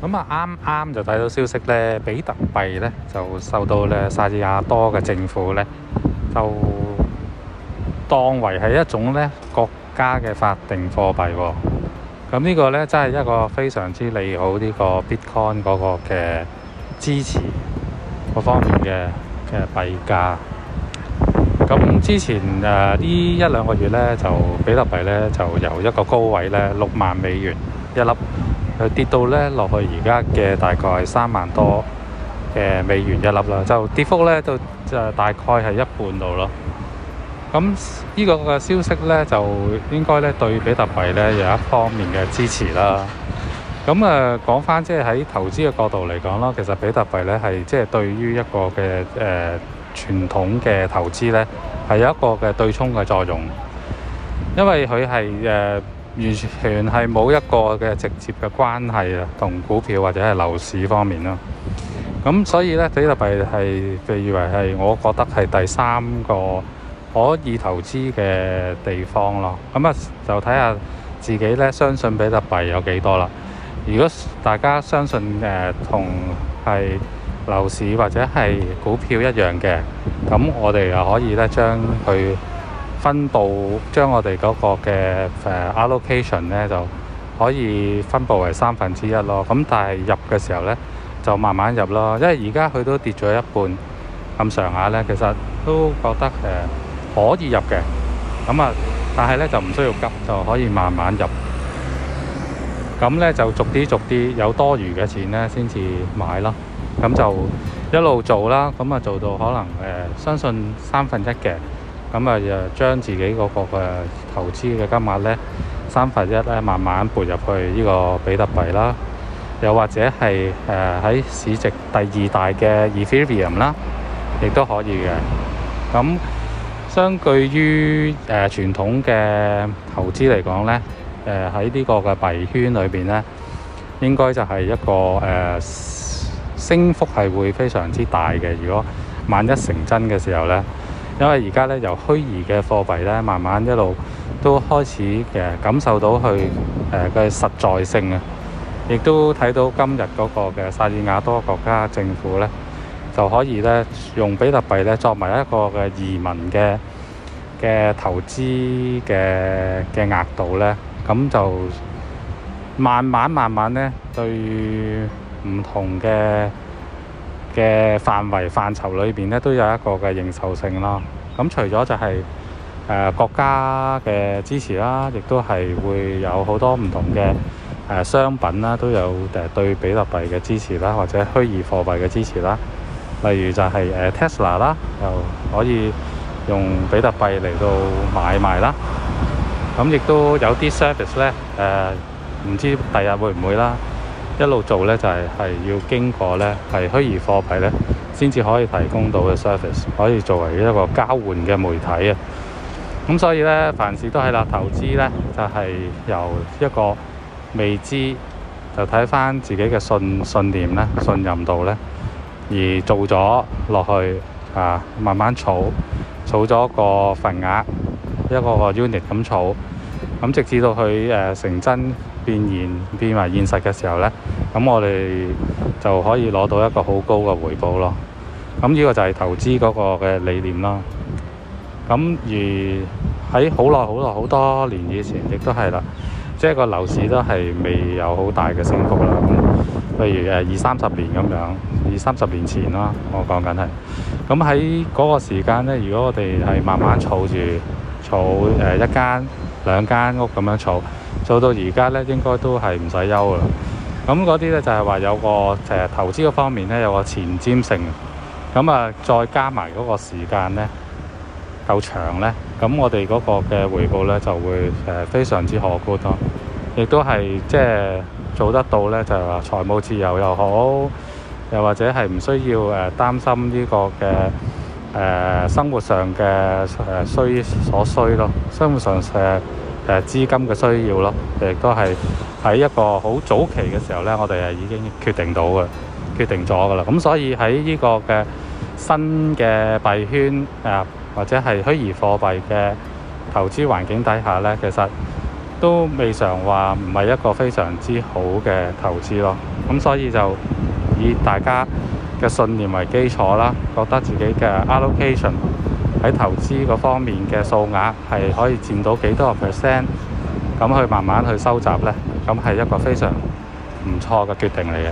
咁啊，啱啱就睇到消息咧，比特幣咧就受到咧薩爾瓦多嘅政府咧，就當為係一種咧國家嘅法定貨幣喎。咁呢個咧真係一個非常之利好呢個 Bitcoin 嗰個嘅支持嗰方面嘅嘅幣價。咁之前誒呢、呃、一兩個月咧，就比特幣咧就由一個高位咧六萬美元一粒。佢跌到咧落去而家嘅大概三萬多嘅美元一粒啦，就跌幅咧就大概係一半度咯。咁呢個嘅消息咧，就應該咧對比特幣咧有一方面嘅支持啦。咁啊，講翻即係喺投資嘅角度嚟講啦，其實比特幣咧係即係對於一個嘅誒傳統嘅投資咧係有一個嘅對沖嘅作用，因為佢係誒。呃完全係冇一個嘅直接嘅關係啊，同股票或者係樓市方面咯。咁所以呢，比特幣係被譽為係我覺得係第三個可以投資嘅地方咯。咁啊，就睇下自己咧相信比特幣有幾多啦。如果大家相信誒同係樓市或者係股票一樣嘅，咁我哋又可以咧將佢。分佈將我哋嗰個嘅誒 allocation 咧就可以分佈為三分之一咯。咁但係入嘅時候咧就慢慢入咯，因為而家佢都跌咗一半咁上下咧，其實都覺得誒可以入嘅。咁啊，但係咧就唔需要急，就可以慢慢入。咁咧就逐啲逐啲有多餘嘅錢咧先至買咯。咁就一路做啦。咁啊做到可能誒、呃、相信三分一嘅。咁啊，又將自己嗰個嘅投資嘅金額呢，三分一呢，慢慢撥入去呢個比特幣啦，又或者係誒喺市值第二大嘅 Ethereum 啦，亦都可以嘅。咁相對於誒、呃、傳統嘅投資嚟講呢，誒喺呢個嘅幣圈裏邊呢，應該就係一個誒、呃、升幅係會非常之大嘅。如果萬一成真嘅時候呢。因為而家咧，由虛擬嘅貨幣咧，慢慢一路都開始嘅感受到佢誒嘅實在性啊，亦都睇到今日嗰個嘅薩爾瓦多國家政府咧，就可以咧用比特幣咧作為一個嘅移民嘅嘅投資嘅嘅額度咧，咁就慢慢慢慢咧對唔同嘅。嘅範圍範疇裏邊呢，都有一個嘅認受性啦。咁除咗就係誒國家嘅支持啦，亦都係會有好多唔同嘅誒商品啦，都有誒對比特幣嘅支持啦，或者虛擬貨幣嘅支持啦。例如就係誒 Tesla 啦，又可以用比特幣嚟到買賣啦。咁亦都有啲 service 咧，誒唔知第日會唔會啦。一路做呢，就係係要經過呢係虛擬貨幣呢，先至可以提供到嘅 service，可以作為一個交換嘅媒體啊。咁所以呢，凡事都係啦，投資呢，就係由一個未知，就睇翻自己嘅信信念呢，信任度呢，而做咗落去啊，慢慢儲儲咗個份額一個個 unit 咁儲，咁直至到佢誒成真。變現變埋現實嘅時候呢，咁我哋就可以攞到一個好高嘅回報咯。咁呢個就係投資嗰個嘅理念啦。咁而喺好耐好耐好多年以前，亦都係啦，即係個樓市都係未有好大嘅升幅啦。咁譬如誒二三十年咁樣，二三十年前啦，我講緊係。咁喺嗰個時間呢，如果我哋係慢慢儲住，儲誒一間兩間屋咁樣儲，做到而家呢，應該都係唔使憂噶啦。咁嗰啲呢，就係話有個誒投資嗰方面呢，有個前瞻性，咁啊再加埋嗰個時間呢夠長呢，咁我哋嗰個嘅回報呢，就會誒非常之可觀咯。亦都係即係做得到呢，就係話財務自由又好，又或者係唔需要誒擔心呢個嘅。誒生活上嘅需所需咯，生活上誒誒資金嘅需要咯，亦都係喺一個好早期嘅時候咧，我哋係已經決定到嘅，決定咗噶啦。咁所以喺呢個嘅新嘅幣圈啊，或者係虛擬貨幣嘅投資環境底下咧，其實都未嘗話唔係一個非常之好嘅投資咯。咁所以就以大家。嘅信念為基礎啦，覺得自己嘅 allocation 喺投資嗰方面嘅數額係可以佔到幾多個 percent，咁去慢慢去收集咧，咁係一個非常唔錯嘅決定嚟嘅。